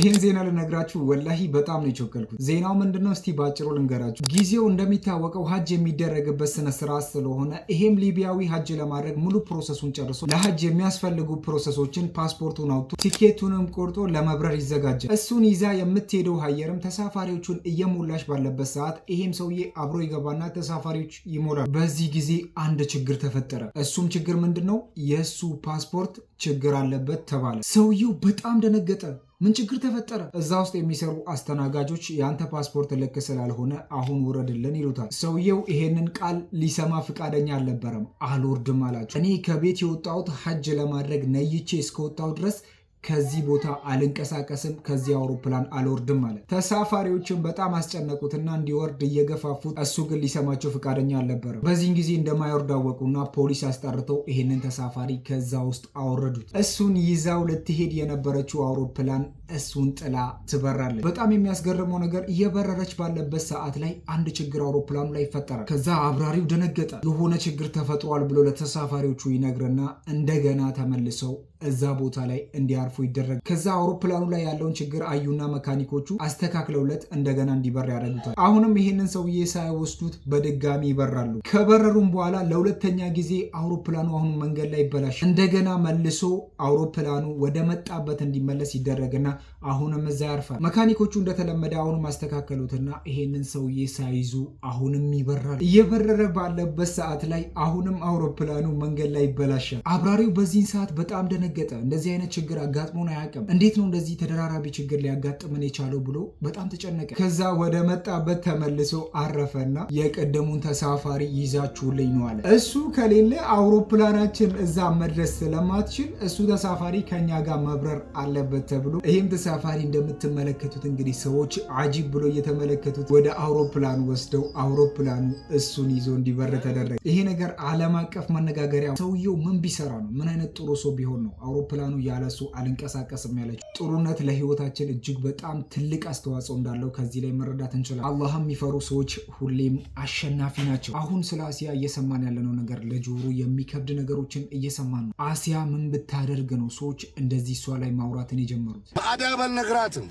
ይህን ዜና ልነግራችሁ ወላሂ በጣም ነው የቸኮልኩት። ዜናው ምንድነው? እስቲ ባጭሩ ልንገራችሁ። ጊዜው እንደሚታወቀው ሀጅ የሚደረግበት ስነ ስርዓት ስለሆነ ይሄም ሊቢያዊ ሀጅ ለማድረግ ሙሉ ፕሮሰሱን ጨርሶ ለሀጅ የሚያስፈልጉ ፕሮሰሶችን ፓስፖርቱን አውጥቶ ቲኬቱንም ቆርጦ ለመብረር ይዘጋጃል። እሱን ይዛ የምትሄደው ሀየርም ተሳፋሪዎቹን እየሞላሽ ባለበት ሰዓት ይሄም ሰውዬ አብሮ ይገባና ተሳፋሪዎች ይሞላል። በዚህ ጊዜ አንድ ችግር ተፈጠረ። እሱም ችግር ምንድን ነው? የእሱ ፓስፖርት ችግር አለበት ተባለ። ሰውየው በጣም ደነገጠ። ምን ችግር ተፈጠረ? እዛ ውስጥ የሚሰሩ አስተናጋጆች የአንተ ፓስፖርት ልክ ስላልሆነ አሁን ውረድልን ይሉታል። ሰውየው ይሄንን ቃል ሊሰማ ፍቃደኛ አልነበረም። አልወርድም አላቸው። እኔ ከቤት የወጣሁት ሀጅ ለማድረግ ነይቼ እስከወጣሁ ድረስ ከዚህ ቦታ አልንቀሳቀስም፣ ከዚህ አውሮፕላን አልወርድም ማለት። ተሳፋሪዎችን በጣም አስጨነቁትና እንዲወርድ እየገፋፉት፣ እሱ ግን ሊሰማቸው ፈቃደኛ አልነበረም። በዚህን ጊዜ እንደማይወርድ አወቁና ፖሊስ አስጠርተው ይህንን ተሳፋሪ ከዛ ውስጥ አወረዱት። እሱን ይዛው ልትሄድ የነበረችው አውሮፕላን እሱን ጥላ ትበራለች። በጣም የሚያስገርመው ነገር እየበረረች ባለበት ሰዓት ላይ አንድ ችግር አውሮፕላኑ ላይ ይፈጠራል። ከዛ አብራሪው ደነገጠ። የሆነ ችግር ተፈጥሯል ብሎ ለተሳፋሪዎቹ ይነግርና እንደገና ተመልሰው እዛ ቦታ ላይ እንዲያርፉ ይደረግ። ከዛ አውሮፕላኑ ላይ ያለውን ችግር አዩና መካኒኮቹ አስተካክለውለት እንደገና እንዲበር ያደርጉታል። አሁንም ይሄንን ሰውዬ ሳይወስዱት በድጋሚ ይበራሉ። ከበረሩም በኋላ ለሁለተኛ ጊዜ አውሮፕላኑ አሁን መንገድ ላይ ይበላሽ። እንደገና መልሶ አውሮፕላኑ ወደ መጣበት እንዲመለስ ይደረግና አሁንም እዛ ያርፋል። መካኒኮቹ እንደተለመደ አሁንም አስተካከሉትና ይሄንን ሰውዬ ሳይዙ አሁንም ይበራል። እየበረረ ባለበት ሰዓት ላይ አሁንም አውሮፕላኑ መንገድ ላይ ይበላሻል። አብራሪው በዚህን ሰዓት በጣም ደነ ደነገጠ። እንደዚህ አይነት ችግር አጋጥሞን አያውቅም። እንዴት ነው እንደዚህ ተደራራቢ ችግር ሊያጋጥመን የቻለው ብሎ በጣም ተጨነቀ። ከዛ ወደ መጣበት ተመልሶ አረፈና የቀደሙን ተሳፋሪ ይዛችሁልኝ ነው አለ። እሱ ከሌለ አውሮፕላናችን እዛ መድረስ ስለማትችል እሱ ተሳፋሪ ከኛ ጋር መብረር አለበት ተብሎ ይህም ተሳፋሪ እንደምትመለከቱት እንግዲህ ሰዎች አጂብ ብሎ እየተመለከቱት ወደ አውሮፕላን ወስደው አውሮፕላኑ እሱን ይዞ እንዲበር ተደረገ። ይሄ ነገር ዓለም አቀፍ መነጋገሪያ ሰውየው ምን ቢሰራ ነው? ምን አይነት ጥሩ ሰው ቢሆን ነው? አውሮፕላኑ ያለሱ አልንቀሳቀስም ያለች። ጥሩነት ለህይወታችን እጅግ በጣም ትልቅ አስተዋጽኦ እንዳለው ከዚህ ላይ መረዳት እንችላለን። አላህም የሚፈሩ ሰዎች ሁሌም አሸናፊ ናቸው። አሁን ስለ አሲያ እየሰማን ያለነው ነገር ለጆሮ የሚከብድ ነገሮችን እየሰማን ነው። አሲያ ምን ብታደርግ ነው ሰዎች እንደዚህ እሷ ላይ ማውራትን የጀመሩት? በአዳብ አልነግራትም።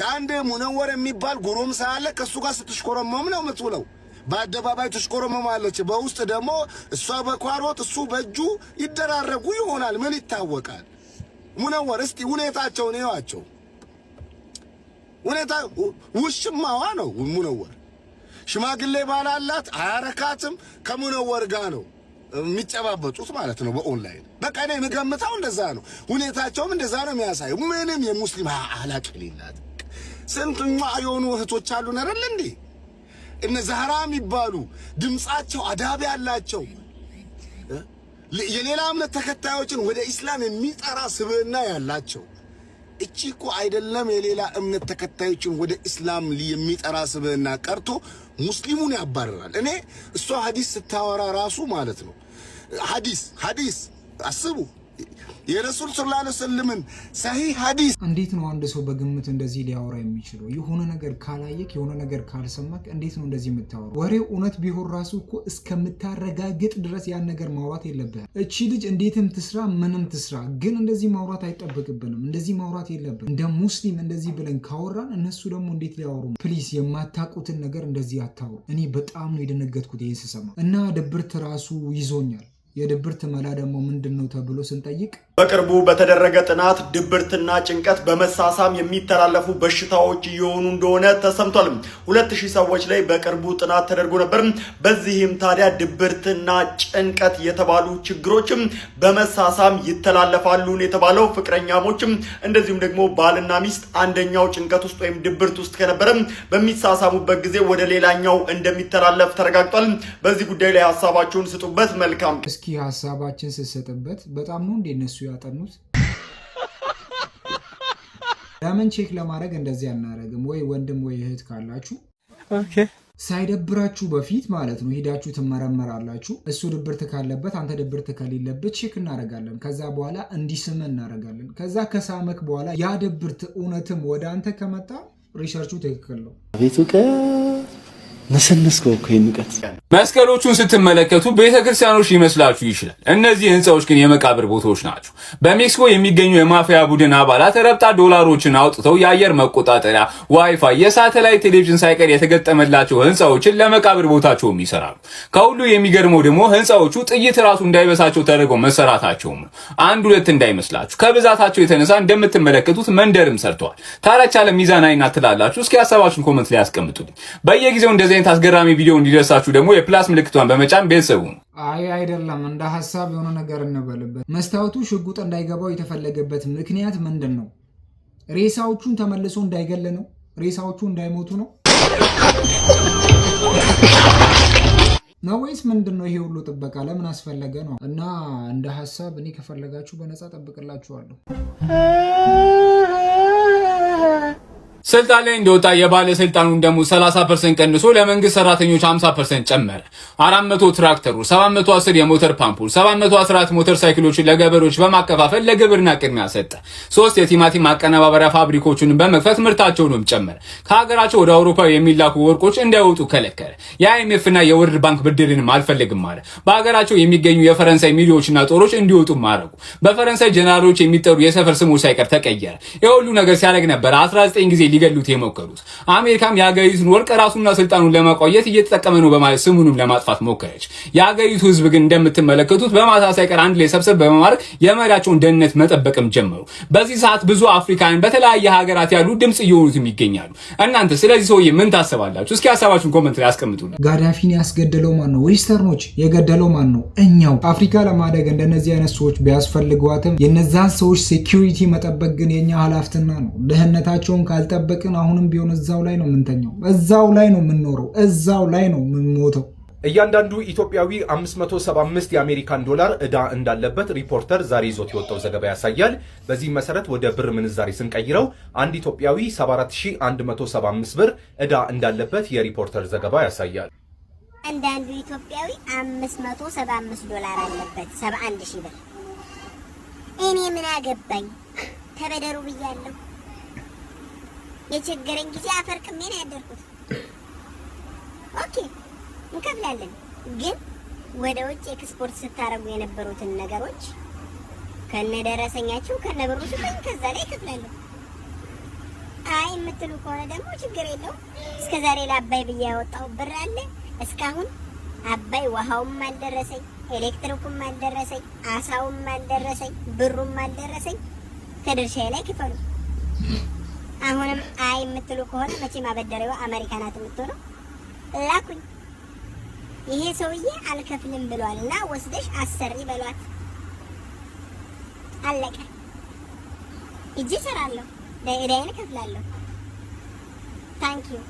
ከአንድ ሙነወር የሚባል ጎረምሳ አለ። ከእሱ ጋር ስትሽኮረመም ነው የምትውለው በአደባባይ ትሽቆረመማለች። በውስጥ ደግሞ እሷ በኳሮት እሱ በእጁ ይደራረጉ ይሆናል። ምን ይታወቃል? ሙነወር እስቲ ሁኔታቸውን እዩዋቸው። ሁኔታ ውሽማዋ ነው ሙነወር። ሽማግሌ ባላላት አያረካትም። ከሙነወር ጋር ነው የሚጨባበጡት ማለት ነው በኦንላይን። በቃ እኔ የምገምተው እንደዛ ነው። ሁኔታቸውም እንደዛ ነው የሚያሳዩ። ምንም የሙስሊም አላቅ የሌላት ስንትማ የሆኑ እህቶች አሉ ነረል እንዴ? እነ ዛህራ የሚባሉ ድምፃቸው አዳብ ያላቸው የሌላ እምነት ተከታዮችን ወደ ኢስላም የሚጠራ ስብዕና ያላቸው እቺ እኮ አይደለም የሌላ እምነት ተከታዮችን ወደ ኢስላም የሚጠራ ስብዕና ቀርቶ ሙስሊሙን ያባርራል። እኔ እሷ ሀዲስ ስታወራ ራሱ ማለት ነው ሀዲስ ሀዲስ አስቡ የረሱል ስላ ስልምን ሰሂ ሐዲስ እንዴት ነው አንድ ሰው በግምት እንደዚህ ሊያወራ የሚችለው? የሆነ ነገር ካላየክ የሆነ ነገር ካልሰማክ እንዴት ነው እንደዚህ የምታወራው? ወሬው እውነት ቢሆን ራሱ እኮ እስከምታረጋግጥ ድረስ ያን ነገር ማውራት የለብህም። እቺ ልጅ እንዴትም ትስራ ምንም ትስራ፣ ግን እንደዚህ ማውራት አይጠበቅብንም። እንደዚህ ማውራት የለብን። እንደ ሙስሊም እንደዚህ ብለን ካወራን እነሱ ደግሞ እንዴት ሊያወሩ? ፕሊስ የማታውቁትን ነገር እንደዚህ አታውሩ። እኔ በጣም ነው የደነገጥኩት ይህን ስሰማ እና ድብርት ራሱ ይዞኛል። የድብርት መላ ደግሞ ምንድን ነው ተብሎ ስንጠይቅ በቅርቡ በተደረገ ጥናት ድብርትና ጭንቀት በመሳሳም የሚተላለፉ በሽታዎች እየሆኑ እንደሆነ ተሰምቷል። ሁለት ሺህ ሰዎች ላይ በቅርቡ ጥናት ተደርጎ ነበር። በዚህም ታዲያ ድብርትና ጭንቀት የተባሉ ችግሮችም በመሳሳም ይተላለፋሉ የተባለው ፍቅረኛሞችም፣ እንደዚሁም ደግሞ ባልና ሚስት አንደኛው ጭንቀት ውስጥ ወይም ድብርት ውስጥ ከነበረ በሚሳሳሙበት ጊዜ ወደ ሌላኛው እንደሚተላለፍ ተረጋግጧል። በዚህ ጉዳይ ላይ ሀሳባችሁን ስጡበት። መልካም ሀሳባችን ስትሰጥበት በጣም ነው እንደ እነሱ ያጠኑት። ለምን ቼክ ለማድረግ እንደዚህ አናደርግም ወይ? ወንድም ወይ እህት ካላችሁ ሳይደብራችሁ በፊት ማለት ነው ሄዳችሁ ትመረመራላችሁ። እሱ ድብርት ካለበት አንተ ድብርት ከሌለበት ቼክ እናደርጋለን። ከዛ በኋላ እንዲስም እናደርጋለን። ከዛ ከሳመክ በኋላ ያ ድብርት እውነትም ወደ አንተ ከመጣ ሪሰርቹ ትክክል ነው። አቤት እውቀት ነሰነስከው እኮ ይንቀት መስቀሎቹን ስትመለከቱ ቤተ ክርስቲያኖች ሊመስላችሁ ይችላል። እነዚህ ህንፃዎች ግን የመቃብር ቦታዎች ናቸው። በሜክሲኮ የሚገኙ የማፊያ ቡድን አባላት ረብጣ ዶላሮችን አውጥተው የአየር መቆጣጠሪያ፣ ዋይፋይ፣ የሳተላይት ቴሌቪዥን ሳይቀር የተገጠመላቸው ህንፃዎችን ለመቃብር ቦታቸውም ይሰራሉ። ከሁሉ የሚገርመው ደግሞ ህንፃዎቹ ጥይት ራሱ እንዳይበሳቸው ተደርገው መሰራታቸውም ነው። አንድ ሁለት እንዳይመስላችሁ። ከብዛታቸው የተነሳ እንደምትመለከቱት መንደርም ሰርተዋል። ታረቻ ለሚዛን አይናት ትላላችሁ። እስኪ ሀሳባችሁን ኮመንት ላይ ያስቀምጡልኝ። በየጊዜው እንደዚህ አይነት አስገራሚ ቪዲዮ እንዲደርሳችሁ ደግሞ የፕላስ ምልክቷን በመጫን ቤተሰቡ አይ አይደለም፣ እንደ ሀሳብ የሆነ ነገር እንበልበት። መስታወቱ ሽጉጥ እንዳይገባው የተፈለገበት ምክንያት ምንድን ነው? ሬሳዎቹን ተመልሶ እንዳይገል ነው? ሬሳዎቹ እንዳይሞቱ ነው ነው ወይስ ምንድን ነው? ይሄ ሁሉ ጥበቃ ለምን አስፈለገ ነው? እና እንደ ሀሳብ እኔ ከፈለጋችሁ በነፃ ጠብቅላችኋለሁ። ስልጣን ላይ እንደወጣ የባለስልጣኑን ደሞዝ 30 ፐርሰንት ቀንሶ ለመንግስት ሰራተኞች 50 ፐርሰንት ጨመረ። 400 ትራክተሩ፣ 710 የሞተር ፓምፑ፣ 714 ሞተር ሳይክሎችን ለገበሬዎች በማከፋፈል ለግብርና ቅድሚያ ሰጠ። ሶስት የቲማቲም ማቀነባበሪያ ፋብሪኮችን በመክፈት ምርታቸውንም ጨመረ። ከሀገራቸው ወደ አውሮፓ የሚላኩ ወርቆች እንዳይወጡ ከለከለ። የአይኤምኤፍና የወርልድ ባንክ ብድርንም አልፈልግም አለ። በሀገራቸው የሚገኙ የፈረንሳይ ሚሊዎችና ጦሮች እንዲወጡ ማድረጉ፣ በፈረንሳይ ጀነራሎች የሚጠሩ የሰፈር ስሞች ሳይቀር ተቀየረ። የሁሉ ነገር ሲያደርግ ነበር 19 ጊዜ ሊገሉት የሞከሩት። አሜሪካም የአገሪቱን ወርቅ ራሱና ስልጣኑን ለማቆየት እየተጠቀመ ነው በማለት ስሙንም ለማጥፋት ሞከረች። የአገሪቱ ህዝብ ግን እንደምትመለከቱት በማሳሳይ ቀር አንድ ላይ ሰብሰብ በመማረክ የመሪያቸውን ደህንነት መጠበቅም ጀመሩ። በዚህ ሰዓት ብዙ አፍሪካውያን በተለያየ ሀገራት ያሉ ድምፅ እየሆኑትም ይገኛሉ። እናንተ ስለዚህ ሰውዬ ምን ታስባላችሁ? እስኪ ሀሳባችሁን ኮመንት ላይ አስቀምጡልን። ጋዳፊን ያስገደለው ማን ነው? ዌስተርኖች የገደለው ማን ነው? እኛው። አፍሪካ ለማደግ እንደነዚህ አይነት ሰዎች ቢያስፈልጓትም የነዛን ሰዎች ሴኪሪቲ መጠበቅ ግን የኛ ኃላፊነት ነው። ደህንነታቸውን ካልጠ እየጠበቅን አሁንም ቢሆን እዛው ላይ ነው የምንተኘው እዛው ላይ ነው የምንኖረው፣ እዛው ላይ ነው የምንሞተው። እያንዳንዱ ኢትዮጵያዊ 575 የአሜሪካን ዶላር እዳ እንዳለበት ሪፖርተር ዛሬ ይዞት የወጣው ዘገባ ያሳያል። በዚህ መሰረት ወደ ብር ምንዛሬ ስንቀይረው አንድ ኢትዮጵያዊ 74175 ብር እዳ እንዳለበት የሪፖርተር ዘገባ ያሳያል። አንዳንዱ ኢትዮጵያዊ 575 ዶላር አለበት፣ 71 ሺህ ብር። እኔ ምን አገባኝ? ተበደሩ ብያለሁ። የቸገረኝ ጊዜ አፈር ቅሜ ነው ያደርኩት። ኦኬ እንከፍላለን፣ ግን ወደ ውጭ ኤክስፖርት ስታደርጉ የነበሩትን ነገሮች ከነደረሰኛችሁ ከነብሩ ስጠኝ፣ ከዛ ላይ እከፍላለሁ። አይ የምትሉ ከሆነ ደግሞ ችግር የለው። እስከ ዛሬ ለአባይ ብዬ ያወጣው ብር አለ። እስካሁን አባይ ውሃውም አልደረሰኝ፣ ኤሌክትሪኩም አልደረሰኝ፣ አሳውም አልደረሰኝ፣ ብሩም አልደረሰኝ። ከድርሻዬ ላይ ክፈሉ። አሁንም አይ የምትሉ ከሆነ መቼ አበዳሪዋ አሜሪካ ናት የምትሆነው። ላኩኝ ይሄ ሰውዬ አልከፍልም ብሏል እና ወስደሽ አሰሪ በሏት። አለቀ። እጅ እሰራለሁ፣ ዕዳዬን እከፍላለሁ። ታንኪዩ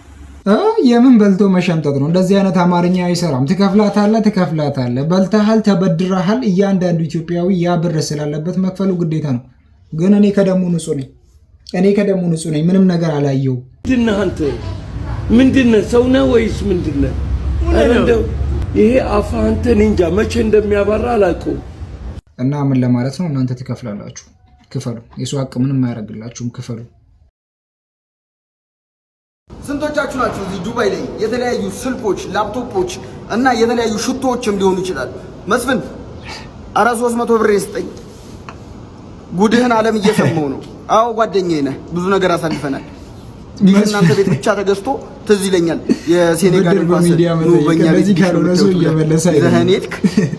የምን በልቶ መሸምጠጥ ነው? እንደዚህ አይነት አማርኛ አይሰራም። ትከፍላታለህ ትከፍላታለህ፣ በልተሃል፣ ተበድረሃል። እያንዳንዱ ኢትዮጵያዊ ያ ብር ስላለበት መክፈሉ ግዴታ ነው። ግን እኔ ከደሙ ንጹህ ነኝ። እኔ ከደሙ ንጹህ ነኝ፣ ምንም ነገር አላየው። ምንድነህ አንተ? ምንድነህ? ሰው ነህ ወይስ ምንድነ? እንደው ይሄ አፋ አንተ እንጃ መቼ እንደሚያባራ አላውቀውም። እና ምን ለማለት ነው? እናንተ ትከፍላላችሁ፣ ክፈሉ። የሰው አቅ ምንም አያደርግላችሁም፣ ክፈሉ። ስንቶቻችሁ ናችሁ እዚህ ዱባይ ላይ የተለያዩ ስልኮች፣ ላፕቶፖች እና የተለያዩ ሽቶዎችም ሊሆኑ ይችላል። መስፍን አራት ሦስት መቶ ብር ስጠኝ። ጉድህን አለም እየሰማው ነው አዎ ጓደኛዬ ነህ። ብዙ ነገር አሳልፈናል። ይህ እናንተ ቤት ብቻ ተገዝቶ ትዝ ይለኛል። የሴኔጋል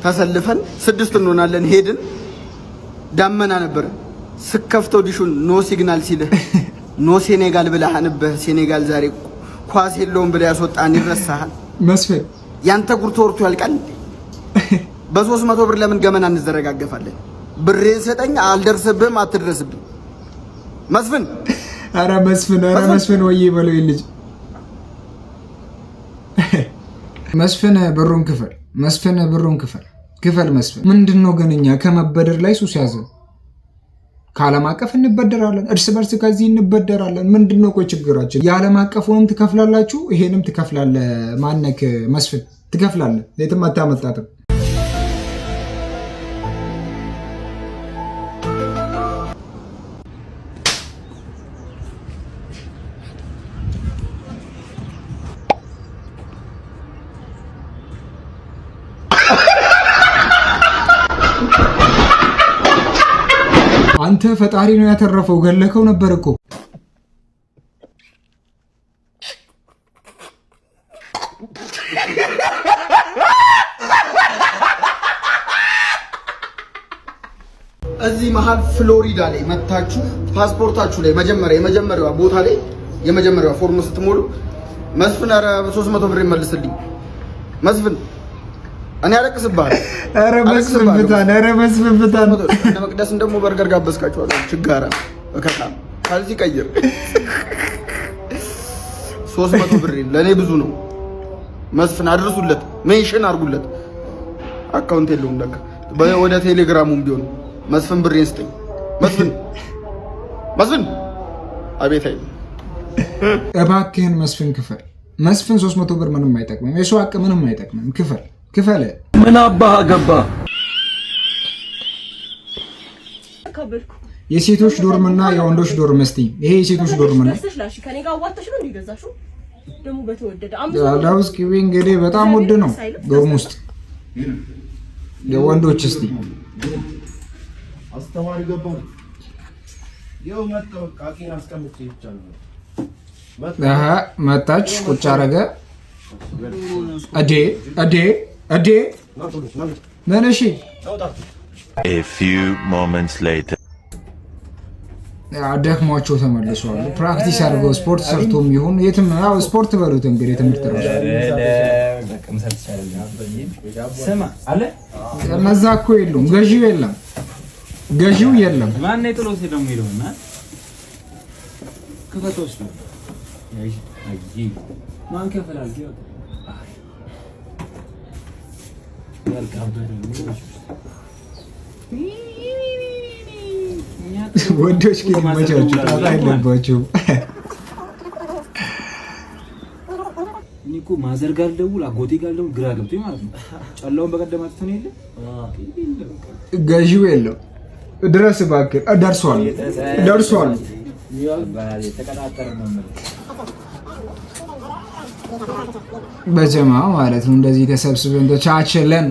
ተሰልፈን ስድስት እንሆናለን ሄድን። ዳመና ነበር። ስከፍተው ዲሹን ኖ ሲግናል ሲልህ ኖ ሴኔጋል ብለሃንብህ ሴኔጋል ዛሬ ኳስ የለውም ብለህ ያስወጣን ይረሳሃል። መስፍን ያንተ ጉር ተወርቶ ያልቃል። በሶስት መቶ ብር ለምን ገመና እንዘረጋገፋለን? ብሬን ሰጠኝ፣ አልደርስብህም፣ አትድረስብኝ መስፍን አረ መስፍን አረ መስፍን ወይዬ በለው ልጅ መስፍን ብሩን ክፈል መስፍን ብሩን ክፈል ክፈል መስፍን ምንድን ነው ግን እኛ ከመበደር ላይ ሱስ ያዘ? ከዓለም አቀፍ እንበደራለን እርስ በርስ ከዚህ እንበደራለን ምንድን ነው ቆይ ችግራችን የዓለም አቀፉንም ትከፍላላችሁ ይሄንም ትከፍላለ። ማነክ መስፍን ትከፍላለ። የትም አታመልጣትም አንተ ፈጣሪ ነው ያተረፈው፣ ገለከው ነበር እኮ እዚህ መሀል ፍሎሪዳ ላይ መታችሁ ፓስፖርታችሁ ላይ መጀመሪያ የመጀመሪያ ቦታ ላይ የመጀመሪያ ፎርም ስትሞሉ መስፍን ኧረ 300 ብር ይመልስልኝ መስፍን እኔ አለቅስብሃል። ኧረ መስፍንብታል፣ ኧረ መስፍንብታል። እነ መቅደስን ደግሞ በርገር ጋበዝካቸዋለሁ። ችጋራ እከታ ካልሲ ቀይር። ሶስት መቶ ብር ለእኔ ብዙ ነው። መስፍን አድርሱለት፣ ሜንሽን አድርጉለት። አካውንት የለውም ለካ። ወደ ቴሌግራሙም ቢሆን መስፍን ብሬን ስጠኝ። መስፍን መስፍን፣ አቤት እባክህን መስፍን ክፈል። መስፍን ሶስት መቶ ብር ምንም አይጠቅምም። የሱ አቅ ምንም አይጠቅምም። ክፈል ክፈለ ምን አባህ ገባ። የሴቶች ዶርም እና የወንዶች ዶርም እስቲ ይሄ የሴቶች ዶርም ነው። እንግዲህ በጣም ውድ ነው። ዶርም ውስጥ የወንዶች እስቲ አስተማሪ መጣች ቁጭ አረገ። እዴ ምን? እሺ ደክሟቸው ተመልሰዋል። ፕራክቲስ አድርገው ስፖርት ሰርቶም ይሁን የትም ስፖርት በሉት እንግዲህ ትምህርት ራሱ መዛ እኮ የለውም፣ ገዢው የለም፣ ገዢው የለም። ማን ወንዶች ግን ይመቻችሁ፣ ጣጣ አይለባቸውም። እኔ እኮ ማዘር ጋር ልደውል አጎቴ ጋር ልደውል ግራ ገብቶኝ ማለት ነው። ጨላውን በቀደም አጥፍተን የለ ገዢው የለው ድረስ እባክህ ደርሷል፣ ደርሷል። በጀማ ማለት ነው። እንደዚህ ተሰብስበን ተቻችለን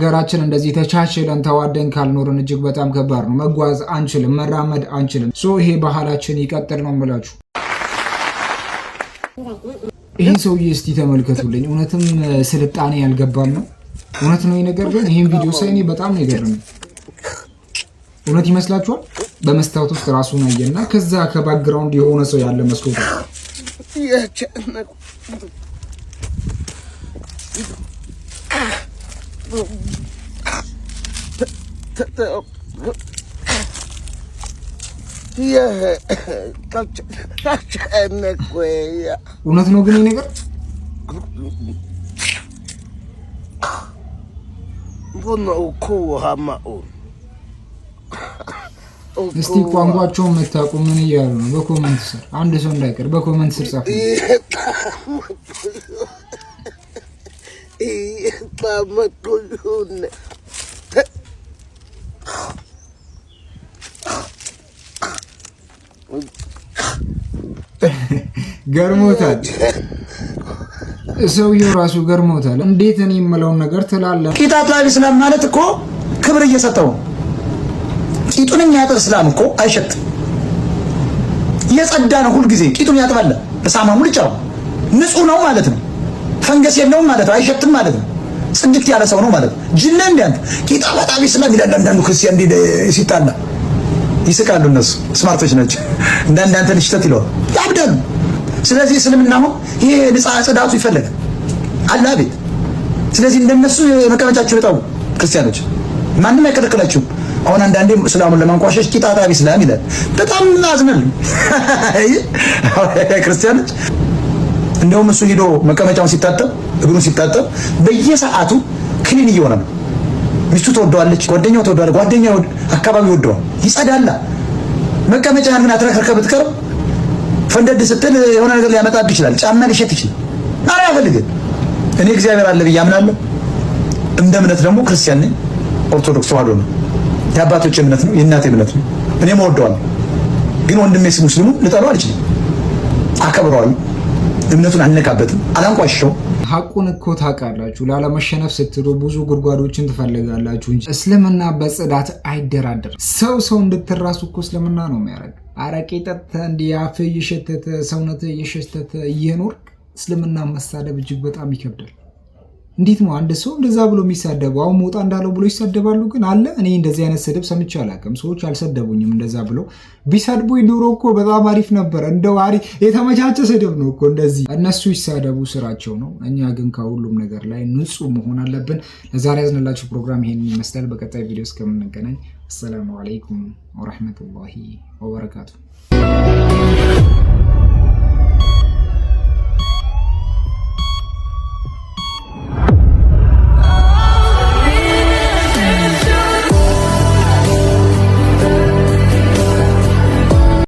ሀገራችን እንደዚህ ተቻችለን ተዋደን ካልኖርን እጅግ በጣም ከባድ ነው። መጓዝ አንችልም፣ መራመድ አንችልም። ሶ ይሄ ባህላችን ይቀጥል ነው የምላችሁ። ይህ ሰውዬ እስቲ ተመልከቱልኝ። እውነትም ስልጣኔ ያልገባም ነው እውነት ነው ነገር ግን ይህን ቪዲዮ ሳይ እኔ በጣም ነው የገረመኝ። እውነት ይመስላችኋል? በመስታወት ውስጥ ራሱን አየና ከዛ ከባክግራውንድ የሆነ ሰው ያለ መስሎታል። እውነት ነው ግን ነገር ነው እኮ ውሃማ እስቲ ቋንቋቸውን መታቁ ምን እያሉ ነው? በኮመንት ስር አንድ ሰው እንዳይቀር በኮመንት ስር ጻፉ። ገርሞታል። ሰውየው ራሱ ገርሞታል። እንዴት እኔ የምለውን ነገር ትላለህ? ቂጣ ጣሊስ ማለት እኮ ክብር እየሰጠው ቂጡን የሚያጥብ እስላም እኮ አይሸትም። የጸዳ ነው፣ ሁልጊዜ ቂጡን ያጥባል። በሳማ ሙልጫ ንጹህ ነው ማለት ነው። ፈንገስ የለውም ማለት ነው። አይሸትም ማለት ነው። ጽድቅት ያለ ሰው ነው ማለት ነው። ጅነ እንዲያንተ ቂጣ በጣም ይስላል ይላል። አንዳንዱ ክርስቲያን ሲጣላ ይስቃሉ። እነሱ ስማርቶች ናቸው። እንዳንዳንተ ልሽተት ይለዋል፣ ያብዳሉ። ስለዚህ እስልምና አሁን ይሄ ንጻ ጽዳቱ ይፈለጋል አላህ ቤት። ስለዚህ እንደነሱ መቀመጫቸው የጣው ክርስቲያኖች ማንም አይከለክላችሁም። አሁን አንዳንዴ እስላሙን ለማንቋሸሽ ቂጣጣቢ እስላም ይላል። በጣም አዝናል ክርስቲያኖች። እንደውም እሱ ሄዶ መቀመጫውን ሲታጠብ እግሩን ሲታጠብ በየሰዓቱ ክሊን እየሆነ ነው። ሚስቱ ተወደዋለች፣ ጓደኛው ትወደዋለች፣ ጓደኛ አካባቢ ወደዋል፣ ይጸዳላ። መቀመጫ ግን አትረክርከ ብትቀርብ ፈንደድ ስትል የሆነ ነገር ሊያመጣብህ ይችላል። ጫማ ሊሸት ይችላል። ኧረ አያፈልግም። እኔ እግዚአብሔር አለ ብዬ አምናለሁ። እንደ እምነት ደግሞ ክርስቲያን ነኝ፣ ኦርቶዶክስ ተዋህዶ ነው። የአባቶች እምነት ነው፣ የእናቴ እምነት ነው። እኔም እወደዋለሁ፣ ግን ወንድሜ ሙስሊሙ ልጠላው አልችልም። አከብረዋል፣ እምነቱን አልነካበትም፣ አላንቋሸው ሀቁን እኮ ታውቃላችሁ። ላለመሸነፍ ስትሉ ብዙ ጉድጓዶችን ትፈልጋላችሁ እንጂ እስልምና በጽዳት አይደራደርም። ሰው ሰው እንድትራሱ እኮ እስልምና ነው የሚያደርግ። አረቄ ጠጥተህ እንዲህ አፍህ እየሸተተ ሰውነትህ እየሸተተ እየኖርክ እስልምና መሳደብ እጅግ በጣም ይከብዳል። እንዴት ነው አንድ ሰው እንደዛ ብሎ የሚሳደበው? አሁን ሞጣ እንዳለው ብሎ ይሳደባሉ። ግን አለ እኔ እንደዚህ አይነት ስድብ ሰምቼ አላውቅም። ሰዎች አልሰደቡኝም እንደዛ ብሎ ቢሰድቡ ኑሮ እኮ በጣም አሪፍ ነበር። እንደው አሪፍ የተመቻቸ ስድብ ነው እኮ እንደዚህ። እነሱ ይሳደቡ ስራቸው ነው። እኛ ግን ከሁሉም ነገር ላይ ንጹህ መሆን አለብን። ለዛሬ ያዝንላችሁ ፕሮግራም ይሄን ይመስላል። በቀጣይ ቪዲዮ እስከምንገናኝ አሰላሙ አለይኩም ወረህመቱላሂ ወበረካቱ።